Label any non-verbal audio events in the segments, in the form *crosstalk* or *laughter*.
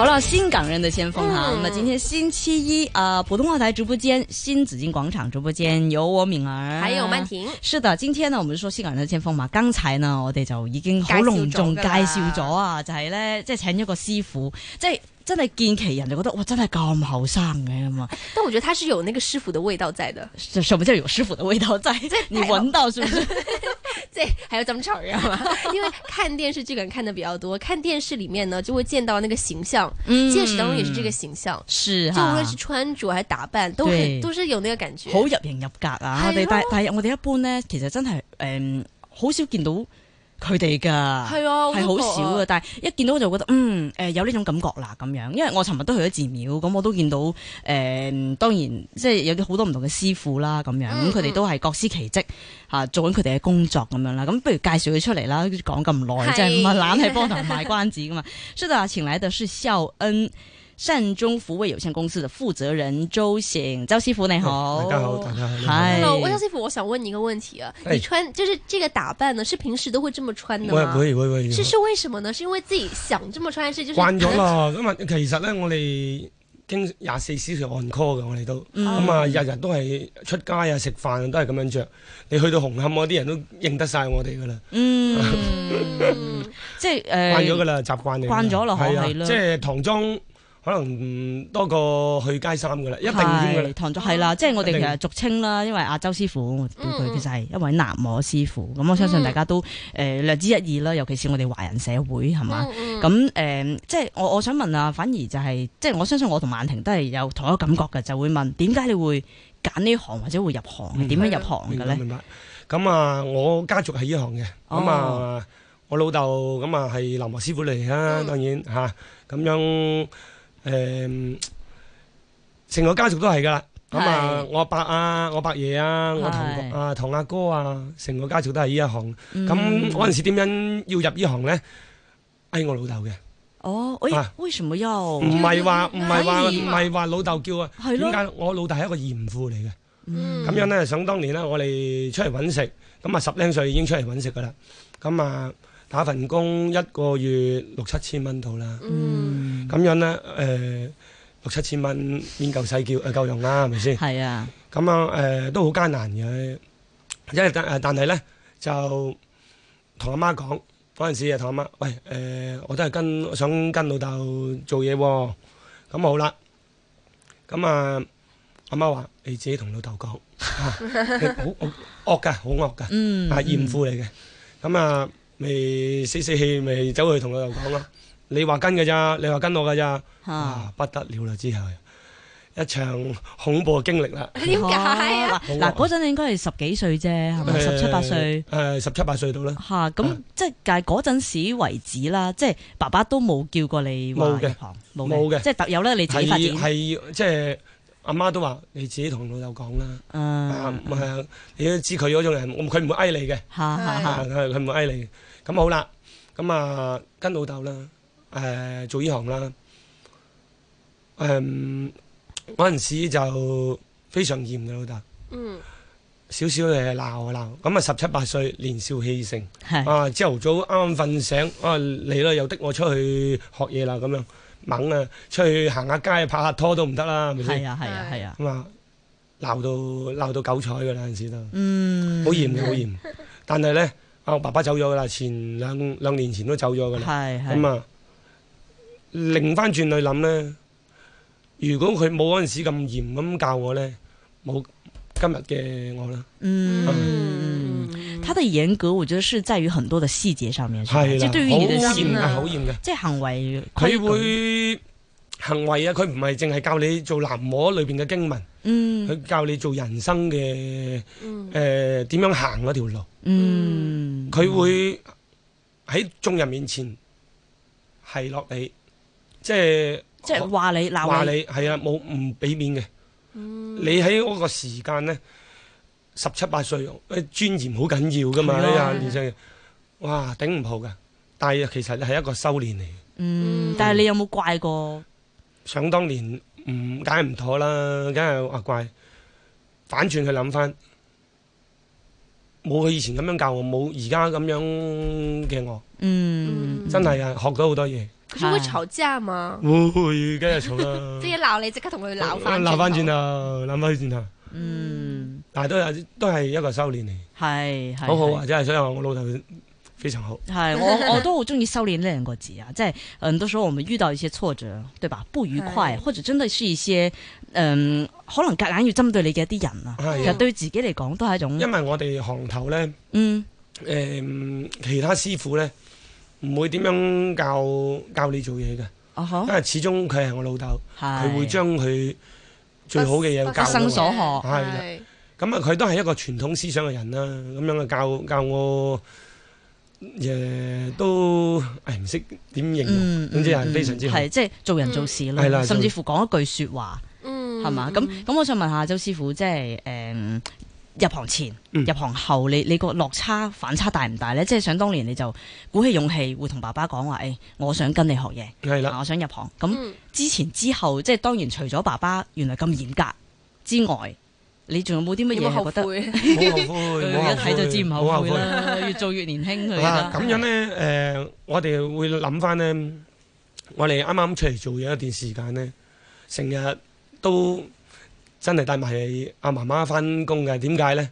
好了，新港人的先鋒哈，我、嗯、們今天星期一呃普通話台直播間、新紫荊廣場直播間有我敏兒，還有曼婷。是的，今天呢，我們就說新港人的先鋒嘛，剛才呢，我哋就已經好隆重介紹咗啊，就係、是、咧，即係請咗個師傅，即係。真係見其人，你覺得哇，真係咁後生嘅嘛？但我覺得佢係有那個師傅的味道在的。什麼叫有師傅的味道在？以你聞到是不是？這後 *laughs* *laughs* 還有這麼吵人㗎嘛、啊？因為看電視劇嘅人看的比較多，看電視裡面呢就會見到那個形象，現實、嗯、當中也是這個形象，是、啊、就無論是穿著還是打扮都係對都是有那個感覺。好入型入格啊！我哋 *laughs* 但係我哋一般呢，其實真係誒好少見到。佢哋噶係啊，係好少嘅，但係一見到我就覺得嗯、誒、呃、有呢種感覺啦咁樣，因為我尋日都去咗寺廟，咁我都見到誒、呃、當然即係有啲好多唔同嘅師傅啦咁樣，咁佢哋都係各司其職嚇，做緊佢哋嘅工作咁樣啦。咁不如介紹佢出嚟啦，講咁耐即係唔係懶係幫佢賣關子噶嘛。所以啊，前來就是肖恩。善中服務有限公司的負責人周省，周師傅你好，大家好，大家好。Hello，周師傅，我想問你一個問題啊，你穿就是這個打扮呢，是平時都會這麼穿呢？嗎？會會會。是是為什麼呢？是因為自己想這麼穿，是就是。慣咗啦，咁啊，其實咧，我哋經廿四小時按 call 嘅，我哋都咁啊，日日都係出街啊，食飯都係咁樣着。你去到紅磡，嗰啲人都認得晒我哋噶啦。嗯，即係誒，慣咗噶啦，習慣嚟，慣咗咯，係即係唐裝。可能多過去街衫噶啦，一定噶唐作係啦，啊、即係我哋誒俗稱啦，因為阿周師傅對佢其實係一位南摩師傅。咁、嗯嗯、我相信大家都誒、呃、略知一二啦，尤其是我哋華人社會係嘛。咁誒、嗯嗯嗯，即係我我想問啊，反而就係、是、即係我相信我同曼婷都係有同一個感覺嘅，就會問點解你會揀呢行或者會入行，點樣、嗯、入行嘅咧？明白。咁啊，我家族係呢行嘅。咁啊，我老豆咁啊係南摩師傅嚟啊，當然吓咁樣。誒，成個家族都係噶啦，咁啊，我阿伯啊，我伯爺啊，我堂啊，堂阿哥啊，成個家族都係呢一行。咁嗰陣時點樣要入呢行咧？係我老豆嘅。哦，我為什麼要？唔係話唔係話唔係話老豆叫啊？係咯。點解？我老豆係一個嚴父嚟嘅。咁樣咧，想當年咧，我哋出嚟搵食，咁啊十零歲已經出嚟搵食噶啦。咁啊，打份工一個月六七千蚊到啦。嗯。咁樣咧，誒、呃、六七千蚊邊夠使叫誒夠用啦，係咪先？係啊，咁啊誒都好艱難嘅，一但但係咧就同阿媽講，嗰陣時就媽媽、呃爸爸哦、就啊，同阿媽喂誒，我都係跟想跟老豆做嘢喎，咁好啦，咁啊阿媽話你自己同老豆講嚇，好、啊 *laughs* 啊、惡嘅，好惡嘅，阿、嗯、啊，嚴父嚟嘅，咁、嗯、啊咪死死氣，咪走去同老豆講咯。你話跟嘅咋，你話跟我嘅咋，嚇不得了啦！之後一場恐怖嘅經歷啦。點解啊？嗱，嗰陣你應該係十幾歲啫，係咪十七八歲？誒，十七八歲到啦。嚇咁即係，但係嗰陣時為止啦，即係爸爸都冇叫過你冇嘅，冇嘅，即係特有咧。你自己即係阿媽都話你自己同老豆講啦。誒，係啊，你都知佢嗰種人，佢唔會嗌你嘅。佢唔會嗌你。咁好啦，咁啊跟老豆啦。誒做呢行啦，誒嗰陣時就非常嚴嘅老豆，嗯，少少嘢鬧啊鬧，咁啊十七八歲年少氣盛，啊，朝頭早啱啱瞓醒，啊你啦又逼我出去學嘢啦咁樣，猛啊出去行下街拍下拖都唔得啦，係啊係啊係啊，咁啊鬧到鬧到九彩嘅嗰陣時都，嗯，好嚴好嚴，但係咧啊我爸爸走咗嘅啦，前兩兩年前都走咗嘅啦，係咁啊。擰翻轉去諗咧，如果佢冇嗰陣時咁嚴咁教我咧，冇今日嘅我啦。嗯，佢嘅嚴格我覺得是在於很多嘅細節上面，即係的對於你的，好嚴嘅，好嚴嘅。即係行為，佢會行為啊！佢唔係淨係教你做喃嘸裏邊嘅經文，嗯，佢教你做人生嘅，誒、嗯，點、呃、樣行嗰條路，嗯，佢、嗯、會喺眾人面前係落嚟。即係即係話你鬧你係啊，冇唔俾面嘅，嗯、你喺嗰個時間咧十七八歲，尊嚴好緊要噶嘛？廿、啊、年成，哇頂唔好噶，但係其實係一個修煉嚟嘅。嗯，但係你有冇怪過、啊？想當年唔梗係唔妥啦，梗係話怪。反轉去諗翻，冇佢以前咁樣教，我，冇而家咁樣嘅我。嗯，嗯嗯真係啊，學咗好多嘢。佢會吵架嘛？會，梗係吵啦。即係鬧你，即刻同佢鬧翻。鬧翻轉頭，諗翻轉頭。嗯。但係都有，都係一個修煉嚟。係。好好啊，即係所以話我老豆非常好。係，我我都好鍾意修煉呢兩個字啊，即係，嗯，好多時候我們遇到一些挫折，對吧？不愉快，或者真係是一些，嗯，可能夾硬要針對你嘅一啲人啊。係。其實對自己嚟講，都係一種。因為我哋行頭咧，嗯，誒，其他師傅咧。唔會點樣教教你做嘢嘅，因為、uh huh. 始終佢係我老豆，佢是會將佢最好嘅嘢教我、啊。生所學，係咁啊！佢都係一個傳統思想嘅人啦，咁樣嘅教教我嘢都唉唔識點形容，總之係非常之係即係做人做事啦，mm hmm. 甚至乎講一句說話，係嘛咁咁？Hmm. 我想問下周師傅，即係誒。Um, 入行前、入行後，你你個落差反差大唔大咧？即係想當年你就鼓起勇氣，會同爸爸講話，誒、欸，我想跟你學嘢，我、嗯、想入行。咁、嗯、之前之後，即係當然除咗爸爸原來咁嚴格之外，你仲有冇啲乜嘢覺得？冇後悔， *laughs* 一睇就知唔後悔啦。越做越年輕佢啦。咁、嗯、樣咧，誒、呃，我哋會諗翻咧，我哋啱啱出嚟做嘢一段時間咧，成日都。真係帶埋阿媽媽翻工嘅，點解咧？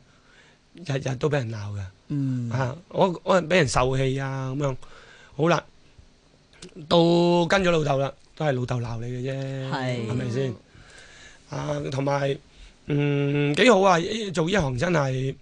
日日都俾人鬧嘅，嗯、啊！我我俾人受氣啊咁樣。好啦，到跟咗老豆啦，都係老豆鬧你嘅啫，係咪先？啊，同埋嗯幾好啊！做呢一行真係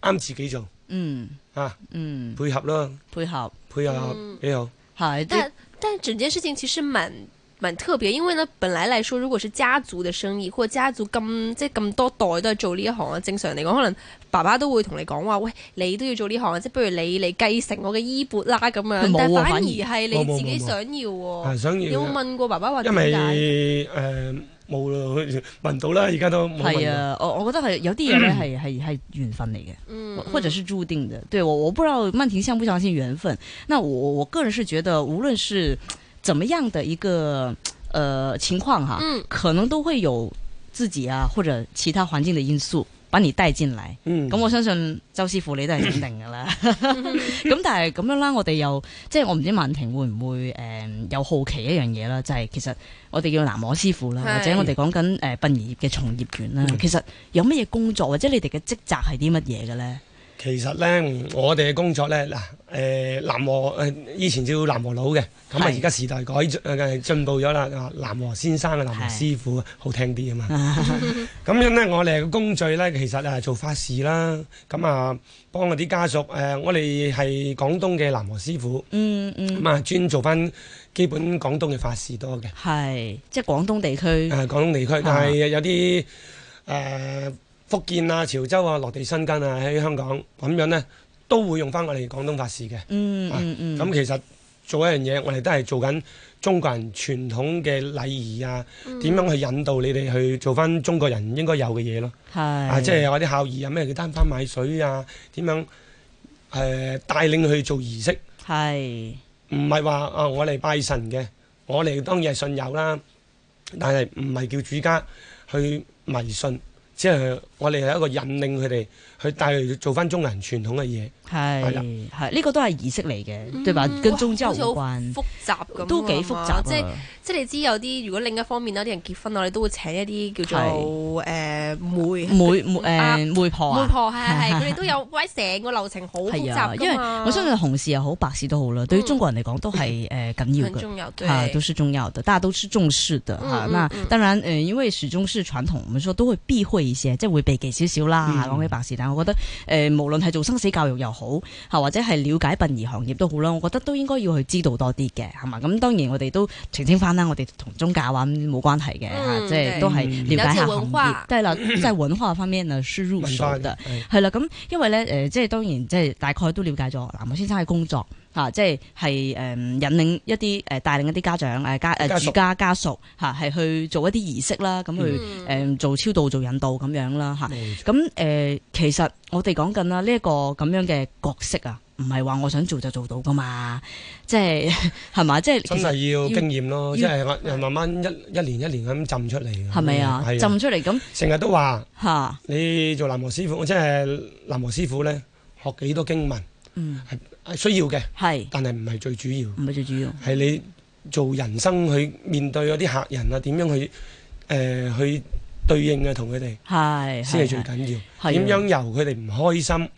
啱自己做，嗯啊，嗯配合咯，配合配合幾、嗯、好。但但整件事情其實滿。蠻特別，因為呢，本來嚟說，如果是家族嘅生意，或者家族咁即係咁多代都係做呢一行啊，正常嚟講，可能爸爸都會同你講話，喂，你都要做呢行即係不如你嚟繼承我嘅衣鉢啦咁樣。但反而係你自己想要喎，有冇問過爸爸話點解？因為誒冇啦，問到啦，而家都係啊，我我覺得係有啲嘢咧，係係係緣分嚟嘅，嗯嗯，或者是注定嘅。對我，我不知道曼婷相不相信緣分。那我我個人是覺得，無論是。怎麼樣的一個呃情況哈，嗯、可能都會有自己啊或者其他環境的因素把你帶進來。咁、嗯、我相信周師傅你都係肯定噶啦。咁但係咁樣啦，我哋又即係我唔知曼婷會唔會誒、呃、有好奇一樣嘢啦，就係、是、其實我哋叫南無師傅啦，是或者我哋講緊誒殯儀業嘅從業員啦，其實有乜嘢工作或者你哋嘅職責係啲乜嘢嘅咧？其實咧，我哋嘅工作咧，嗱、呃，誒南和誒以前叫南和佬嘅，咁啊而家時代改誒進，進步咗啦，南和先生啊，南和師傅是好聽啲啊嘛。咁 *laughs* 樣咧，我哋嘅工序咧，其實啊做法事啦，咁啊幫嗰啲家屬誒、呃，我哋係廣東嘅南和師傅，嗯嗯，咁、嗯、啊專做翻基本廣東嘅法事多嘅，係即係廣東地區，係、嗯、廣東地區，但係有啲誒。呃福建啊、潮州啊、落地生根啊，喺香港咁樣呢，都會用翻我哋廣東法事嘅、嗯。嗯嗯咁、啊、其實做一樣嘢，我哋都係做緊中國人傳統嘅禮儀啊，點、嗯、樣去引導你哋去做翻中國人應該有嘅嘢咯。係是、啊。即係有啲孝義啊，咩叫擔幡買水啊，點樣誒帶、呃、領去做儀式？係是。唔係話啊，我嚟拜神嘅，我哋當然係信友啦，但係唔係叫主家去迷信，即係。只我哋係一個引領佢哋去帶嚟做翻中國人傳統嘅嘢，係啦，係呢個都係儀式嚟嘅，對吧？跟宗親有關，複雜咁，都幾複雜。即係即係你知有啲，如果另一方面有啲人結婚我哋都會請一啲叫做誒媒媒媒誒媒婆啊，媒婆係係佢哋都有威，成個流程好複雜。因為我相信紅事又好白事都好啦，對於中國人嚟講都係誒緊要嘅，都是重要嘅，大家都是重視嘅。的嚇。那當然誒，因為始終是傳統，我們說都會避諱一些，即係會。地基少少啦，講起白事，但係我覺得，誒、呃，無論係做生死教育又好，嚇或者係了解殯儀行業都好啦，我覺得都應該要去知道多啲嘅，係嘛？咁、嗯、當然我哋都澄清翻啦，我哋同宗教話冇關係嘅，嗯、即係都係了解下行業。係、嗯、啦，即係文化方面啊，輸入咗嘅，係、嗯、啦。咁因為咧，誒、呃，即係當然，即係大概都瞭解咗藍先生嘅工作。吓，即係係誒引領一啲誒帶領一啲家長誒家誒主家家屬吓，係去做一啲儀式啦，咁去誒做超度做引導咁樣啦吓。咁誒，其實我哋講緊啦，呢一個咁樣嘅角色啊，唔係話我想做就做到噶嘛，即係係嘛，即係真係要經驗咯，即係慢慢一一年一年咁浸出嚟，係咪啊？浸出嚟咁成日都話吓，你做喃嘸師傅，我真係喃嘸師傅咧，學幾多經文。嗯，係需要嘅，係，但係唔係最主要，唔係最主要，係你做人生去面對嗰啲客人啊，點樣去誒去對應嘅同佢哋，係，先係最緊要。點樣由佢哋唔開心，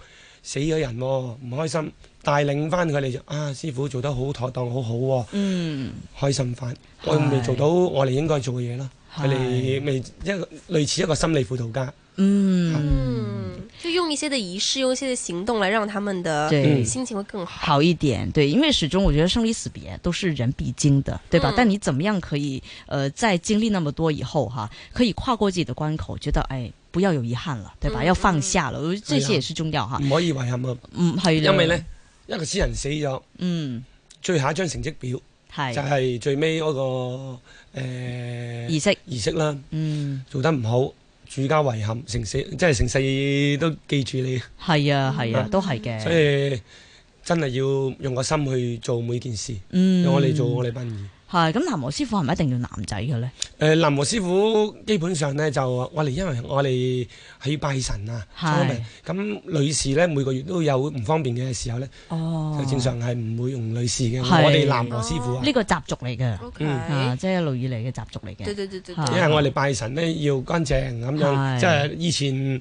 死咗人喎，唔開心，帶領翻佢哋就啊，師傅做得好妥當，好好，嗯，開心翻。我未做到我哋應該做嘅嘢咯，佢哋未一類似一個心理輔導家，嗯。就用一些的儀式，用一些的行動來讓他們的心情會更好好一點。對，因為始終我覺得生離死別都是人必經的，對吧？嗯、但你怎麼樣可以，呃，在經歷那麼多以後，哈，可以跨過自己的關口，覺得，哎，不要有遺憾了，對吧？嗯、要放下了，我覺得這些也是重要哈。唔可以遺憾啊！唔係、嗯，因為呢，一個死人死咗，嗯，最後一張成績表係就係最尾嗰個誒儀、呃、式儀式啦，嗯，做得唔好。主家遺憾成世，即係成世都記住你。係啊，係啊，都係嘅。所以真係要用個心去做每件事。嗯，我哋做我哋殯儀。係咁，南和師傅係咪一定要男仔嘅咧？誒、呃，南和師傅基本上咧就我哋，因為我哋係拜神啊，咁是女士咧每個月都有唔方便嘅時候咧，哦、就正常係唔會用女士嘅。是我哋南和師傅啊，呢個、哦、習俗嚟嘅，即係 Okay.、啊即係、一路以嚟嘅習俗嚟嘅。是因為我哋拜神咧要乾淨咁樣，是是即係以前。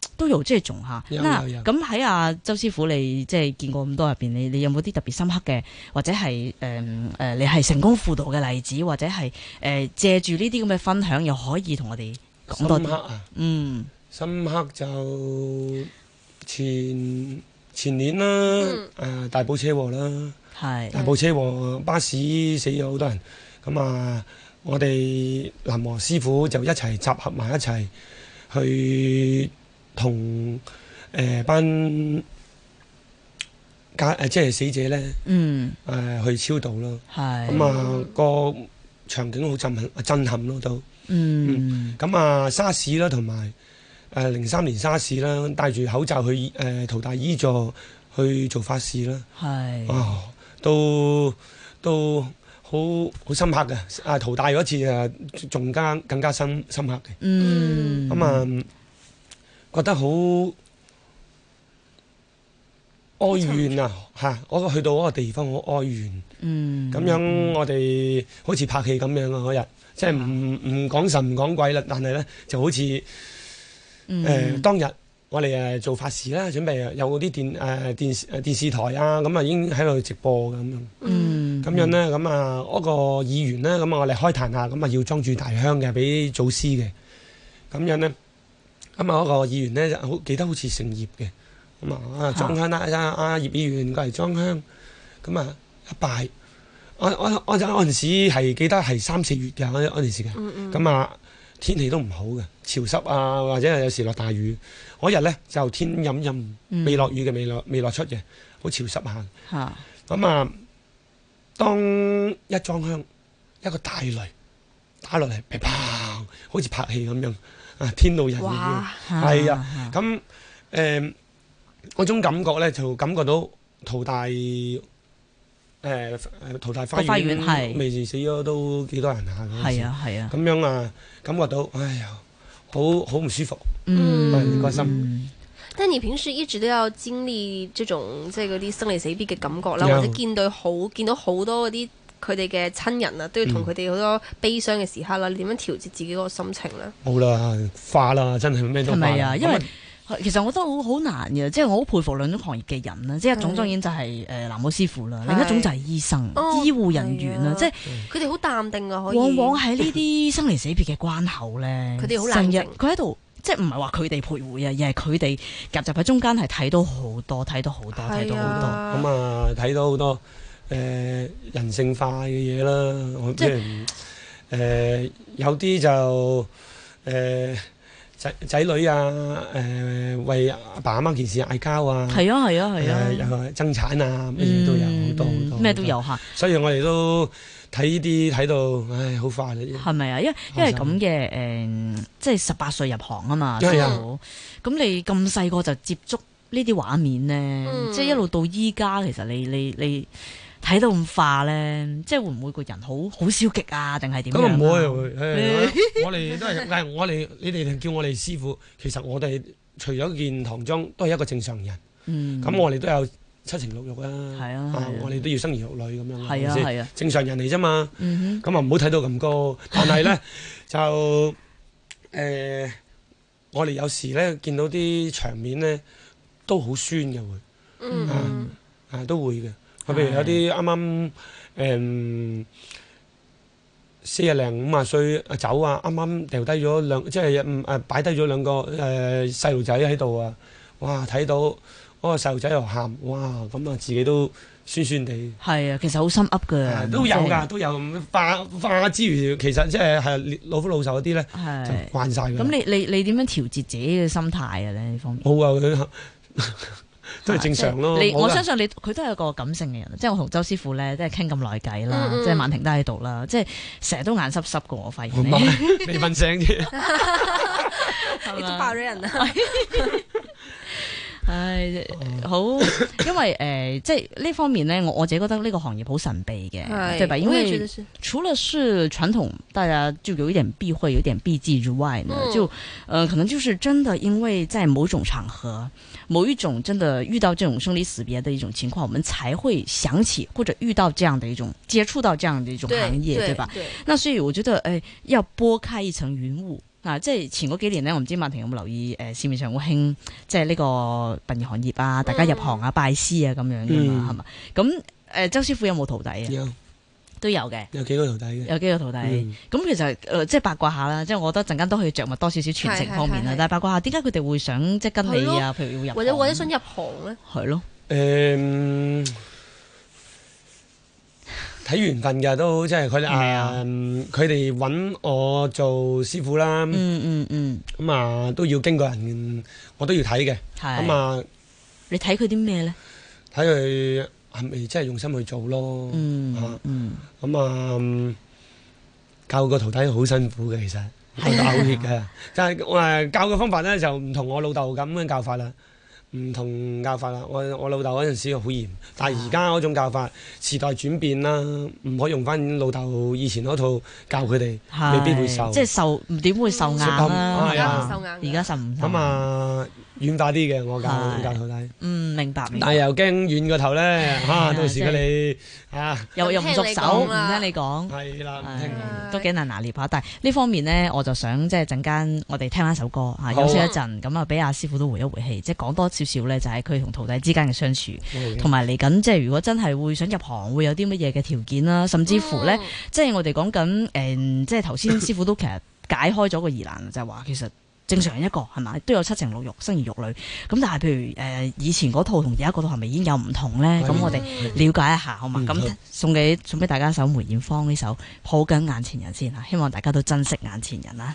都有即係仲吓，咁喺阿周師傅你即係見過咁多入邊，你你有冇啲特別深刻嘅，或者係誒誒你係成功輔導嘅例子，或者係誒借住呢啲咁嘅分享，又可以同我哋講多啲。深刻啊？嗯，深刻就前前年啦，誒大埔車禍啦，大埔車禍是巴士死咗好多人，咁啊我哋南和師傅就一齊集合埋一齊去。同誒、呃、班家誒、呃、即係死者咧，誒、嗯呃、去超度咯，咁啊個場景好震撼，震撼咯都。嗯，咁、嗯、啊沙士啦，同埋誒零三年沙士啦，戴住口罩去誒淘大 E 座去做法事啦，係是哦，都都好好深刻嘅。啊，淘大嗰次啊，仲加更加深深刻嘅、嗯嗯。嗯，咁、嗯、啊。嗯嗯覺得好哀怨啊！嚇、嗯啊，我去到嗰個地方好哀怨。嗯。咁樣、嗯、我哋好似拍戲咁樣嗰日，即係唔唔講神唔講鬼啦。但係咧就好似誒當日我哋誒做法事啦，準備有嗰啲電誒、呃、電視電視台啊，咁啊已經喺度直播咁樣。嗯。咁、嗯、樣呢，咁啊嗰個議員咧，咁啊我哋開壇啊，咁啊要裝住大香嘅俾祖師嘅，咁樣呢。咁啊，嗰個議員咧，好記得好似姓葉嘅，咁啊，裝香啦，啊，啊葉議員過嚟裝香，咁啊一拜，我我我陣時係記得係三四月嘅嗰嗰陣時間，咁、嗯嗯、啊天氣都唔好嘅，潮濕啊，或者有時落大雨，嗰日咧就天陰陰，未落雨嘅、嗯，未落未落出嘅，好潮濕下，咁啊，啊，當一裝香，一個大雷打落嚟，砰！好似拍戲咁樣。天怒人怨，係哇啊！咁誒、嗯，嗰種感覺咧，就感覺到淘大誒誒、欸、淘大花園，花園未時死咗都幾多人啊！係啊係啊，咁樣啊，感覺到哎呀，好好唔舒服，唔開、嗯那個、心。嗯嗯、但你平時一直都有經歷即係嗰啲生離死別嘅感覺啦，嗯、或者見到好見到好多嗰啲。佢哋嘅親人啊，都要同佢哋好多悲傷嘅時刻啦，點樣調節自己個心情咧？好啦，化啦，真係咩都化。係咪啊？因為其實我覺得好好難嘅，即係我好佩服兩種行業嘅人啦。即係一種當然就係誒南無師傅啦，另一種就係醫生、醫護人員啦。即係佢哋好淡定啊，可以。往往喺呢啲生離死別嘅關口咧，佢哋好難。成日佢喺度，即係唔係話佢哋徘徊啊，而係佢哋夾雜喺中間，係睇到好多，睇到好多，睇到好多。咁啊，睇到好多。誒人性化嘅嘢啦，即係誒、呃、有啲就誒仔仔女啊，誒、呃、為阿爸阿媽件事嗌交啊，係啊係啊係啊，又、呃、爭產啊，乜嘢都有好多好多，咩、嗯、都有吓。所以我哋都睇呢啲睇到，唉，好快啦啲。係咪啊？因為因為咁嘅誒，即係十八歲入行啊嘛，咁你咁細個就接觸呢啲畫面咧，嗯、即係一路到依家，其實你你你。嗯睇到咁化咧，即係會唔會個人好好消極啊？定係點樣？咁唔會，哎嗯、我哋都係，但係我哋你哋叫我哋師傅，其實我哋除咗件唐裝，都係一個正常人。咁、嗯、我哋都有七情六欲啊，啊，啊，我哋都要生兒育女咁樣，係啊係啊，正常人嚟啫嘛。咁啊，唔好睇到咁高，但係咧、啊、就誒、呃，我哋有時咧見到啲場面咧都好酸嘅會，嗯、他啊都會嘅。譬如有啲啱啱誒四十零五十歲阿走啊，啱啱掉低咗兩，即係誒擺低咗兩個誒細路仔喺度啊！哇，睇到嗰個細路仔又喊，哇咁啊，自己都酸酸地。係啊，其實好心噏㗎，啊有啊、都有噶，都有化化之餘，其實即係係老夫老壽嗰啲咧，啊、就慣晒。咁你你你點樣調節自己嘅心態啊？咧呢方面。我啊，佢。 *laughs* 都係正常咯。啊、你我，的我相信你，佢都係個感性嘅人。即係我同周師傅咧，即係傾咁耐偈啦。嗯嗯即係曼婷都喺度啦。即係成日都眼濕濕嘅我發現你，唔係，未瞓醒啫。都爆咗人啊！ *laughs* 哎，好，oh. 因為誒，即係呢方面呢，我我自己覺得呢個行業好神秘嘅，對吧？因為除了是傳統，大家就有一點避諱，有一點避忌之外呢，就，嗯、呃，可能就是真的，因為在某種場合，某一種真的遇到這種生離死別的一種情況，我們才會想起或者遇到這樣的一種接觸到這樣的一種行業，對，對吧？對，對。那所以我覺得誒、哎，要撥開一層雲霧。嗱、啊，即係前嗰幾年咧，我唔知曼婷有冇留意誒、呃、市面上好興，即係呢個殯儀行業啊，大家入行啊、嗯、拜師啊咁樣嘅嘛，係嘛、嗯？咁誒、呃，周師傅有冇徒弟啊？有，都有嘅。有幾個徒弟，有幾個徒弟。咁、嗯嗯、其實誒、呃，即係八卦下啦，即係我覺得陣間都可以着物多少少傳情方面啦。但係八卦下，點解佢哋會想即係跟你啊，譬如要入或者或者想入行咧？係咯。誒、嗯。睇緣分嘅都即係佢啊，佢哋揾我做師傅啦、嗯。嗯嗯嗯。咁啊、嗯，嗯、都要經過人，我都要睇嘅。係。咁啊，你睇佢啲咩咧？睇佢係咪真係用心去做咯？嗯。嚇嗯。咁啊、嗯嗯嗯，教個徒弟好辛苦嘅，其實流好多血嘅。就係誒教嘅、 *laughs* 嗯、方法咧，就唔同我老豆咁樣教法啦。唔同教法啦，我我老豆嗰陣時好嚴，但係而家嗰種教法時，啊，代轉變啦，唔可以用翻老豆以前嗰套教佢哋。是未必會受。即係受，唔點會受硬啊？而家受唔？啊軟化啲嘅，我教教徒弟。嗯，明白。但係又驚軟個頭咧嚇，到時佢你嚇又又唔熟手，唔聽你講。係啦，都幾難拿捏下。但係呢方面咧，我就想即係陣間我哋聽翻首歌嚇，休息一陣咁啊，俾阿師傅都回一回氣，即係講多少少咧，就係佢同徒弟之間嘅相處，同埋嚟緊即係如果真係會想入行，會有啲乜嘢嘅條件啦，甚至乎咧，即係我哋講緊誒，即係頭先師傅都其實解開咗個疑難，就係話其實。正常一個係咪？都有七情六欲，生兒育女。咁但係譬如誒、呃、以前嗰套同而家嗰套係咪已經有唔同呢？咁 *music* 我哋了解一下好嘛？咁 *music* 送俾送俾大家一首梅艷芳呢首抱緊眼前人先啊，希望大家都珍惜眼前人啦。